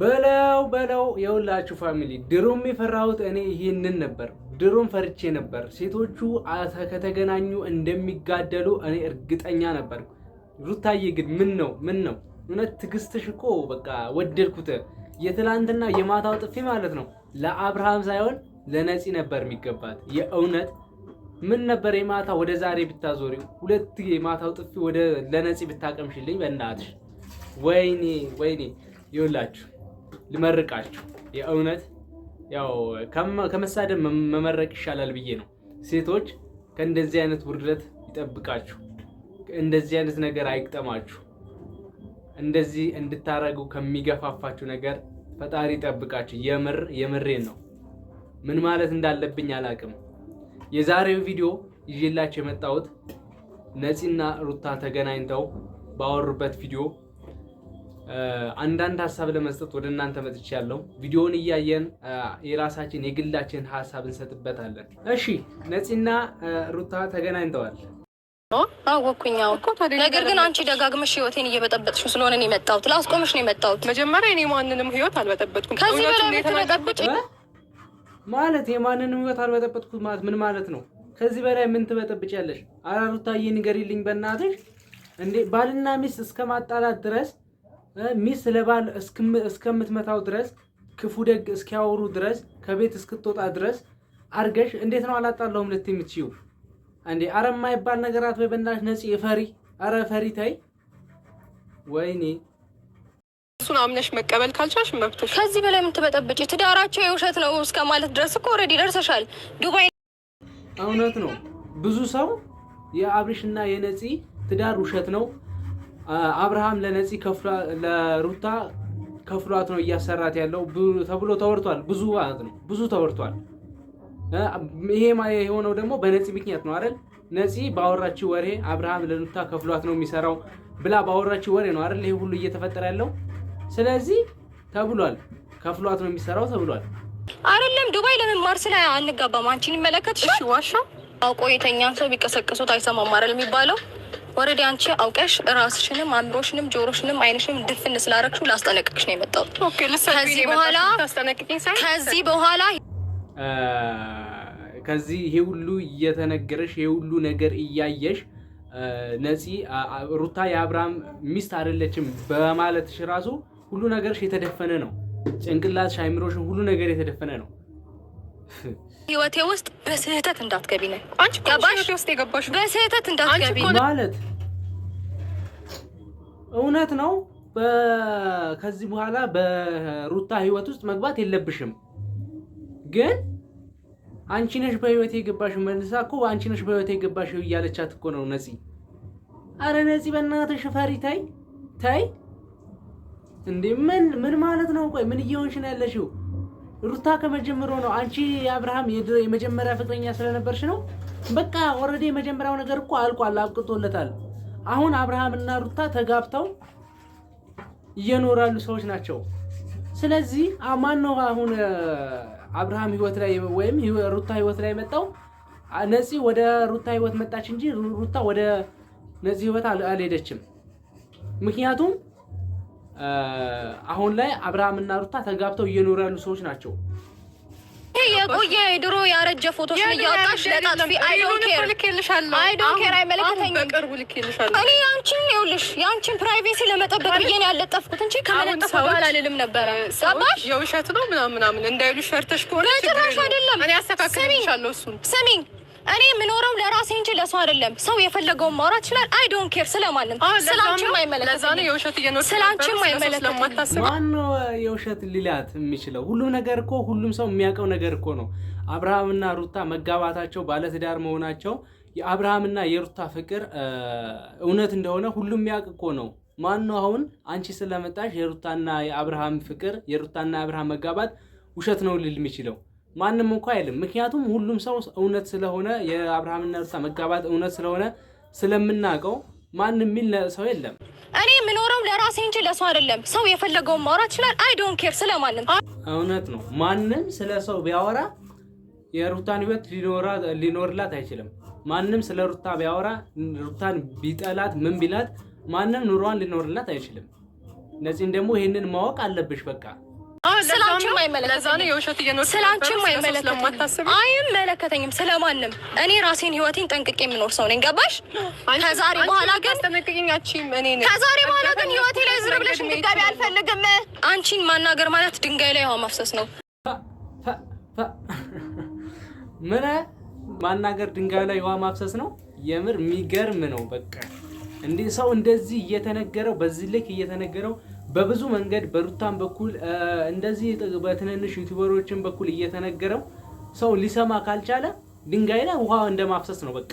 በለው በለው የሁላችሁ ፋሚሊ ድሮም የፈራሁት እኔ ይህንን ነበር። ድሮም ፈርቼ ነበር። ሴቶቹ ከተገናኙ እንደሚጋደሉ እኔ እርግጠኛ ነበር። ሩታዬ ግን ምን ነው ምን ነው እውነት ትዕግስትሽ እኮ በቃ ወደድኩት። የትላንትና የማታው ጥፊ ማለት ነው ለአብርሃም ሳይሆን ለነፂ ነበር የሚገባት የእውነት ምን ነበር የማታ ወደ ዛሬ ብታዞሪ፣ ሁለት የማታው ጥፊ ወደ ለነፂ ብታቀምሽልኝ በእናትሽ። ወይኔ ወይኔ ይውላችሁ ልመርቃችሁ የእውነት ያው ከመሳደብ መመረቅ ይሻላል ብዬ ነው። ሴቶች ከእንደዚህ አይነት ውርደት ይጠብቃችሁ፣ እንደዚህ አይነት ነገር አይግጠማችሁ። እንደዚህ እንድታረጉ ከሚገፋፋችሁ ነገር ፈጣሪ ይጠብቃችሁ። የምር የምሬን ነው። ምን ማለት እንዳለብኝ አላቅም። የዛሬው ቪዲዮ ይዤላችሁ የመጣሁት ነፂና ሩታ ተገናኝተው ባወሩበት ቪዲዮ አንዳንድ ሀሳብ ለመስጠት ወደ እናንተ መጥቼ ያለው ቪዲዮውን እያየን የራሳችን የግላችን ሀሳብ እንሰጥበታለን። እሺ ነፂና ሩታ ተገናኝተዋል። አወኩኝ እኮ ነገር ግን አንቺ ደጋግመሽ ህይወቴን እየበጠበጥሽ ስለሆነ ነው የመጣሁት። ላስቆምሽ ነው የመጣሁት። መጀመሪያ እኔ ማንንም ህይወት አልበጠበጥኩም። ከዚህ በላይ ትበጠብጭ ማለት የማንንም ህይወት አልበጠበጥኩ ማለት ምን ማለት ነው? ከዚህ በላይ ምን ትበጠብጫለሽ? ኧረ ሩታዬ ንገሪልኝ በእናትሽ እንዴ! ባልና ሚስት እስከ ማጣላት ድረስ ሚስት ለባል እስከምትመታው ድረስ ክፉ ደግ እስኪያወሩ ድረስ ከቤት እስክትወጣ ድረስ አርገሽ እንዴት ነው አላጣለሁም ልት የምትችው እንዴ አረ የማይባል ነገራት ወይ በእናትሽ ነፂ የፈሪ አረ ፈሪ ታይ ወይኔ እሱን አምነሽ መቀበል ካልቻልሽ መብትሽ። ከዚህ በላይ ምን ትበጠብጭ? ትዳራቸው የውሸት ነው እስከ ማለት ድረስ እኮ ኦልሬዲ ደርሰሻል። ዱባይ እውነት ነው ብዙ ሰው የአብርሽና የነፂ ትዳር ውሸት ነው አብርሃም ለነፂ ለሩታ ከፍሏት ነው እያሰራት ያለው ተብሎ ተወርቷል። ብዙ ማለት ነው ብዙ ተወርቷል። ይሄ የሆነው ደግሞ በነፂ ምክንያት ነው አይደል? ነፂ ባወራችው ወሬ አብርሃም ለሩታ ከፍሏት ነው የሚሰራው ብላ ባወራችው ወሬ ነው አይደል? ይሄ ሁሉ እየተፈጠረ ያለው ስለዚህ ተብሏል። ከፍሏት ነው የሚሰራው ተብሏል አይደለም። ዱባይ ለምን ማርስ ላይ አንጋባም? አንቺን ይመለከትሽ ዋሻ አውቆ የተኛን ሰው ቢቀሰቅሱት አይሰማም አይደል የሚባለው ኦልሬዲ አንቺ አውቀሽ ራስሽንም አእምሮሽንም ጆሮሽንም አይንሽንም ድፍን ስላረግሹ ላስጠነቅቅሽ ነው የመጣው ከዚህ በኋላ ከዚህ ይሄ ሁሉ እየተነገረሽ ይሄ ሁሉ ነገር እያየሽ ነፂ ሩታ የአብርሃም ሚስት አይደለችም በማለትሽ ራሱ ሁሉ ነገርሽ የተደፈነ ነው። ጭንቅላትሽ አይምሮሽ ሁሉ ነገር የተደፈነ ነው። ህይወቴ ውስጥ በስህተት እንዳትገቢ ነ አንቺ ገባሽ ውስጥ የገባሽ በስህተት እንዳትገቢ ማለት እውነት ነው። ከዚህ በኋላ በሩታ ህይወት ውስጥ መግባት የለብሽም። ግን አንቺ ነሽ በህይወቴ የገባሽ መልሳ እኮ አንቺ ነሽ በህይወቴ የገባሽ እያለቻት እኮ ነው ነፂ። አረ ነፂ በእናትሽ ፈሪ ታይ ታይ እንዴ! ምን ምን ማለት ነው? ቆይ ምን እየሆንሽ ነው ያለሽው? ሩታ ከመጀመሮ ነው። አንቺ አብርሃም የመጀመሪያ ፍቅረኛ ስለነበርሽ ነው። በቃ ኦልሬዲ የመጀመሪያው ነገር እኮ አልቋል፣ አብቅቶለታል። አሁን አብርሃም እና ሩታ ተጋብተው እየኖራሉ ሰዎች ናቸው። ስለዚህ ማን ነው አሁን አብርሃም ህይወት ላይ ወይም ሩታ ህይወት ላይ መጣው? ነፂ ወደ ሩታ ህይወት መጣች እንጂ ሩታ ወደ ነፂ ህይወት አልሄደችም። ምክንያቱም አሁን ላይ አብርሃም እና ሩታ ተጋብተው እየኖሩ ያሉ ሰዎች ናቸው። የቆየ ድሮ ያረጀ ፎቶች እያወጣሽ ለጣጥፊ የአንቺን ፕራይቬሲ ለመጠበቅ ብዬ ነው ያለጠፍኩት እንጂ ከመለጠፍ በኋላ አልልም ነበረ። ገባሽ? የውሸት ነው ምናምን እንዳይሉ ሸርተሽ ከሆነ ጭራሽ አይደለም። ስሚኝ እኔ የምኖረው ለራሴ እንጂ ለሰው አይደለም። ሰው የፈለገውን ማውራት ይችላል። አይ ዶንት ኬር ስለማንም ስላንቺም አይመለከትም ስላንቺም አይመለከትም። ማነው የውሸት ሊላት የሚችለው? ሁሉም ነገር እኮ ሁሉም ሰው የሚያውቀው ነገር እኮ ነው። አብርሃምና ሩታ መጋባታቸው ባለትዳር መሆናቸው የአብርሃምና የሩታ ፍቅር እውነት እንደሆነ ሁሉም የሚያውቅ እኮ ነው። ማነው አሁን አንቺ ስለመጣሽ የሩታና የአብርሃም ፍቅር የሩታና የአብርሃም መጋባት ውሸት ነው ልል የሚችለው? ማንም እንኳ አይልም። ምክንያቱም ሁሉም ሰው እውነት ስለሆነ የአብርሃምና ሩታ መጋባት እውነት ስለሆነ ስለምናውቀው ማንም የሚል ሰው የለም። እኔ የምኖረው ለራሴ እንጂ ለሰው አይደለም። ሰው የፈለገውን ማውራት ይችላል። አይ ዶንት ኬር ስለማንም። እውነት ነው። ማንም ስለ ሰው ቢያወራ የሩታን ህይወት ሊኖርላት አይችልም። ማንም ስለ ሩታ ቢያወራ ሩታን ቢጠላት ምን ቢላት ማንም ኑሯን ሊኖርላት አይችልም። ነዚህ ደግሞ ይህንን ማወቅ አለብሽ በቃ ስላንቺም አይመለከተኝም ስለማንም እኔ ራሴን ህይወቴን ጠንቅቄ የምኖር ሰው ነኝ። ገባሽ? ከዛሬ በኋላ ግን ከዛሬ በኋላ ግን ህይወቴ ላይ ዝም ብለሽ እንድትገቢ አልፈልግም። አንቺን ማናገር ማለት ድንጋይ ላይ ውሃ ማፍሰስ ነው። ምን ማናገር ድንጋይ ላይ ውሃ ማፍሰስ ነው። የምር የሚገርም ነው። በቃ እንዲህ ሰው እንደዚህ እየተነገረው በዚህ ልክ እየተነገረው በብዙ መንገድ በሩታን በኩል እንደዚህ በትንንሽ ዩቲዩበሮችን በኩል እየተነገረው ሰው ሊሰማ ካልቻለ ድንጋይ ላይ ውሃ እንደማፍሰስ ነው። በቃ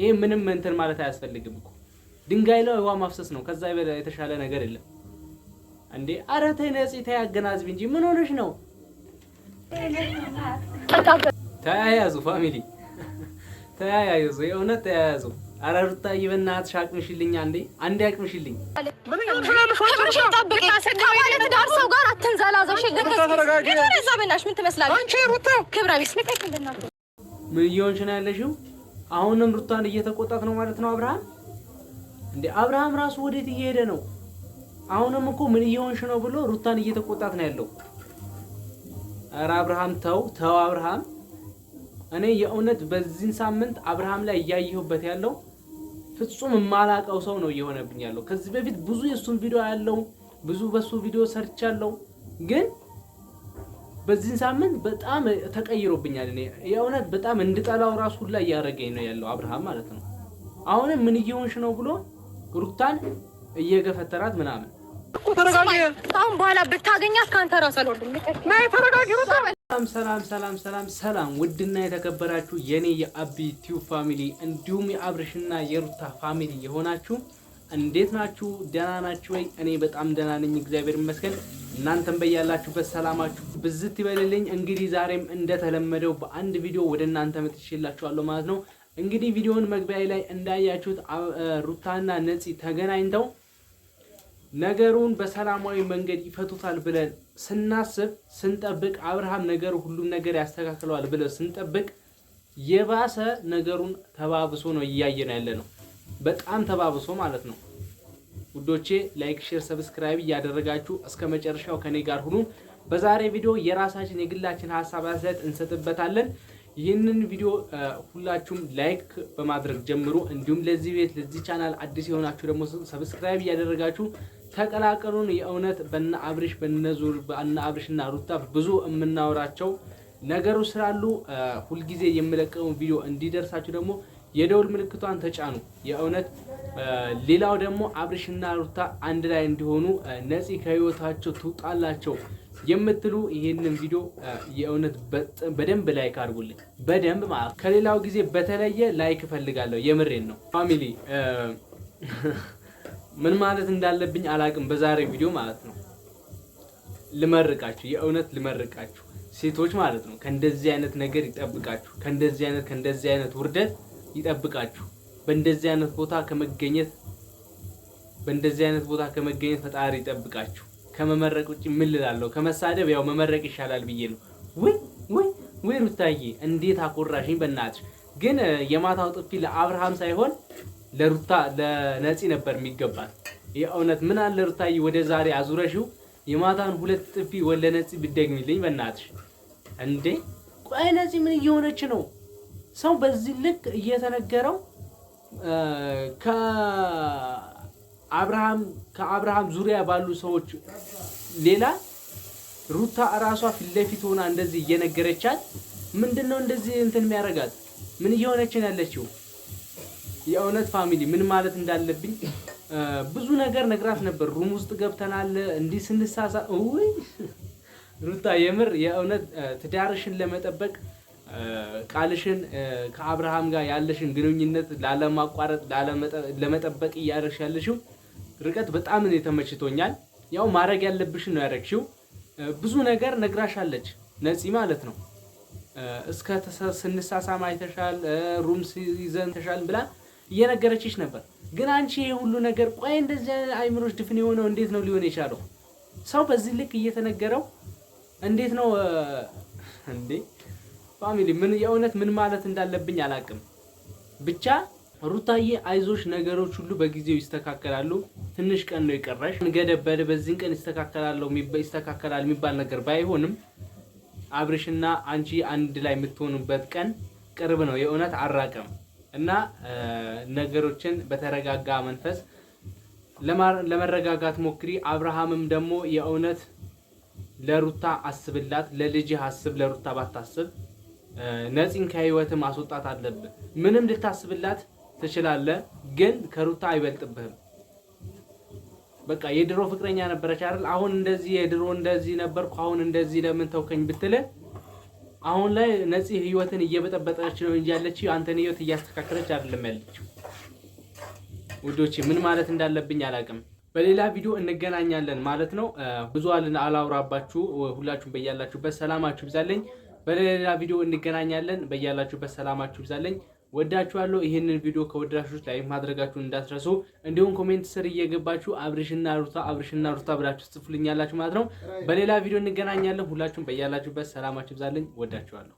ይሄ ምንም እንትን ማለት አያስፈልግም እኮ ድንጋይ ላይ ውሃ ማፍሰስ ነው። ከዛ የተሻለ ነገር የለም እንዴ! ኧረ ተይ ነፂ፣ ተይ አገናዝቢ እንጂ ምን ሆነሽ ነው? ተያያዙ ፋሚሊ፣ ተያያዙ የእውነት ተያያዙ። ኧረ ሩታዬ በእናትሽ አቅምሽልኝ፣ አንዴ አንዴ አቅምሽልኝ። ትዳር ሰው ጋር አትንዘላዘሽ። ምን ትመስላለሽ? ክብረ ቢስ ምን እየሆንሽ ነው ያለሽው? አሁንም ሩታን እየተቆጣት ነው ማለት ነው አብርሃም። እንዴ አብርሃም ራሱ ወዴት እየሄደ ነው? አሁንም እኮ ምን እየሆንሽ ነው ብሎ ሩታን እየተቆጣት ነው ያለው። ኧረ አብርሃም ተው ተው አብርሃም እኔ የእውነት በዚህን ሳምንት አብርሃም ላይ እያየሁበት ያለው ፍጹም የማላቀው ሰው ነው እየሆነብኝ ያለው። ከዚህ በፊት ብዙ የእሱን ቪዲዮ ያለው ብዙ በሱ ቪዲዮ ሰርቻለሁ፣ ግን በዚህን ሳምንት በጣም ተቀይሮብኛል። እኔ የእውነት በጣም እንድጠላው ራሱ ሁላ እያደረገኝ ነው ያለው አብርሃም ማለት ነው። አሁንም ምን እየሆንሽ ነው ብሎ ሩታን እየገፈተራት ምናምን እኮ ተረጋጊ። አሁን በኋላ ብታገኛት ከአንተ ራስ አልወድም። ተረጋጊ ሩታ ሰላም ሰላም ሰላም ሰላም ሰላም ውድና የተከበራችሁ የኔ የአቢ ቲዩ ፋሚሊ እንዲሁም የአብርሽና የሩታ ፋሚሊ የሆናችሁ እንዴት ናችሁ? ደህና ናችሁ ወይ? እኔ በጣም ደህና ነኝ፣ እግዚአብሔር ይመስገን። እናንተም በያላችሁበት ሰላማችሁ ብዝት ይበልልኝ። እንግዲህ ዛሬም እንደተለመደው በአንድ ቪዲዮ ወደ እናንተ መጥቼላችኋለሁ ማለት ነው። እንግዲህ ቪዲዮውን መግቢያ ላይ እንዳያችሁት ሩታና ነፂ ተገናኝተው ነገሩን በሰላማዊ መንገድ ይፈቱታል ብለን ስናስብ ስንጠብቅ አብርሃም ነገር ሁሉም ነገር ያስተካክለዋል ብለ ስንጠብቅ የባሰ ነገሩን ተባብሶ ነው እያየን ያለ ነው። በጣም ተባብሶ ማለት ነው። ውዶቼ ላይክ፣ ሼር፣ ሰብስክራይብ እያደረጋችሁ እስከ መጨረሻው ከኔ ጋር ሁኑ። በዛሬ ቪዲዮ የራሳችን የግላችን ሀሳብ አስተያየት እንሰጥበታለን። ይህንን ቪዲዮ ሁላችሁም ላይክ በማድረግ ጀምሩ። እንዲሁም ለዚህ ቤት ለዚህ ቻናል አዲስ የሆናችሁ ደግሞ ሰብስክራይብ እያደረጋችሁ ተቀላቀሉን። የእውነት በነ አብርሽ በነ ዙር በነ አብርሽና ሩታ ብዙ የምናወራቸው ነገሮች ስላሉ ሁልጊዜ የምለቀውን ቪዲዮ እንዲደርሳችሁ ደግሞ የደውል ምልክቷን ተጫኑ። የእውነት ሌላው ደግሞ አብርሽና ሩታ አንድ ላይ እንዲሆኑ ነፂ ከህይወታቸው ትውጣላቸው የምትሉ ይህንን ቪዲዮ የእውነት በደንብ ላይክ አድርጉልኝ። በደንብ ማለት ከሌላው ጊዜ በተለየ ላይክ እፈልጋለሁ። የምሬን ነው ፋሚሊ ምን ማለት እንዳለብኝ አላቅም። በዛሬው ቪዲዮ ማለት ነው ልመርቃችሁ፣ የእውነት ልመርቃችሁ ሴቶች ማለት ነው። ከእንደዚህ አይነት ነገር ይጠብቃችሁ፣ ከእንደዚህ አይነት ከእንደዚህ አይነት ውርደት ይጠብቃችሁ። በእንደዚህ አይነት ቦታ ከመገኘት በእንደዚህ አይነት ቦታ ከመገኘት ፈጣሪ ይጠብቃችሁ። ከመመረቅ ውጭ ምን ልላለሁ? ከመሳደብ ያው መመረቅ ይሻላል ብዬ ነው። ወይ ወይ ወይ ሩታዬ እንዴት አኮራሽኝ! በእናትሽ ግን የማታው ጥፊ ለአብርሃም ሳይሆን ለሩታ ለነፂ ነበር የሚገባት። የእውነት ምን አለ ሩታዬ፣ ወደ ዛሬ አዙረሽው የማታን ሁለት ጥፊ ወለ ነፂ ብትደግሚልኝ በእናትሽ። እንዴ ቆይ ነፂ ምን እየሆነች ነው? ሰው በዚህ ልክ እየተነገረው ከአብርሃም ከአብርሃም ዙሪያ ባሉ ሰዎች ሌላ ሩታ እራሷ ፊት ለፊት ሆና እንደዚህ እየነገረቻት ምንድን ነው እንደዚህ እንትን የሚያደርጋት? ምን እየሆነችን ያለችው? የእውነት ፋሚሊ ምን ማለት እንዳለብኝ ብዙ ነገር ነግራት ነበር። ሩም ውስጥ ገብተናል እንዲህ ስንሳሳ ውይ ሩታ የምር የእውነት ትዳርሽን ለመጠበቅ ቃልሽን ከአብርሃም ጋር ያለሽን ግንኙነት ላለማቋረጥ ለመጠበቅ እያደረግሽ ያለሽው ርቀት በጣም የተመችቶኛል። ያው ማድረግ ያለብሽን ነው ያደረግሽው። ብዙ ነገር ነግራሻለች ነፂ ማለት ነው። እስከ ስንሳሳም አይተሻል፣ ሩም ሲይዘን ተሻል ብላ እየነገረችሽ ነበር። ግን አንቺ ይሄ ሁሉ ነገር ቆይ እንደዚህ አይምሮች ድፍን የሆነው እንዴት ነው ሊሆን የቻለው? ሰው በዚህ ልክ እየተነገረው እንዴት ነው እንዴ? ፋሚሊ ምን የእውነት ምን ማለት እንዳለብኝ አላቅም። ብቻ ሩታዬ አይዞሽ፣ ነገሮች ሁሉ በጊዜው ይስተካከላሉ። ትንሽ ቀን ነው የቀረሽ። ገደበደ በዚህን ቀን ይስተካከላለሁ ይስተካከላል የሚባል ነገር ባይሆንም አብርሽና አንቺ አንድ ላይ የምትሆኑበት ቀን ቅርብ ነው። የእውነት አራቀም። እና ነገሮችን በተረጋጋ መንፈስ ለመረጋጋት ሞክሪ። አብርሃምም ደግሞ የእውነት ለሩታ አስብላት፣ ለልጅህ አስብ፣ ለሩታ ባታስብ ነፂን ከህይወትም ማስወጣት አለብህ። ምንም ልታስብላት ትችላለህ፣ ግን ከሩታ አይበልጥብህም። በቃ የድሮ ፍቅረኛ ነበረች አይደል? አሁን እንደዚህ የድሮ እንደዚህ ነበርኩ አሁን እንደዚህ ለምን ተውከኝ ብትልህ አሁን ላይ ነፂ ህይወትን እየበጠበጠች ነው እንጂ ያለችው አንተን ህይወት እያስተካከለች አይደለም ያለችው። ውዶች ምን ማለት እንዳለብኝ አላውቅም። በሌላ ቪዲዮ እንገናኛለን ማለት ነው። ብዙ አላውራባችሁ። ሁላችሁም በያላችሁበት ሰላማችሁ ይብዛለኝ። በሌላ ቪዲዮ እንገናኛለን። በያላችሁበት ሰላማችሁ ይብዛለኝ። ወዳችኋለሁ። ይህንን ቪዲዮ ከወዳችሁት ላይክ ማድረጋችሁን እንዳትረሱ፣ እንዲሁም ኮሜንት ስር እየገባችሁ አብርሽና ሩታ አብርሽና ሩታ ብላችሁ ጽፉልኛላችሁ ማለት ነው። በሌላ ቪዲዮ እንገናኛለን። ሁላችሁም በያላችሁበት ሰላማችሁ ይብዛልኝ። ወዳችኋለሁ።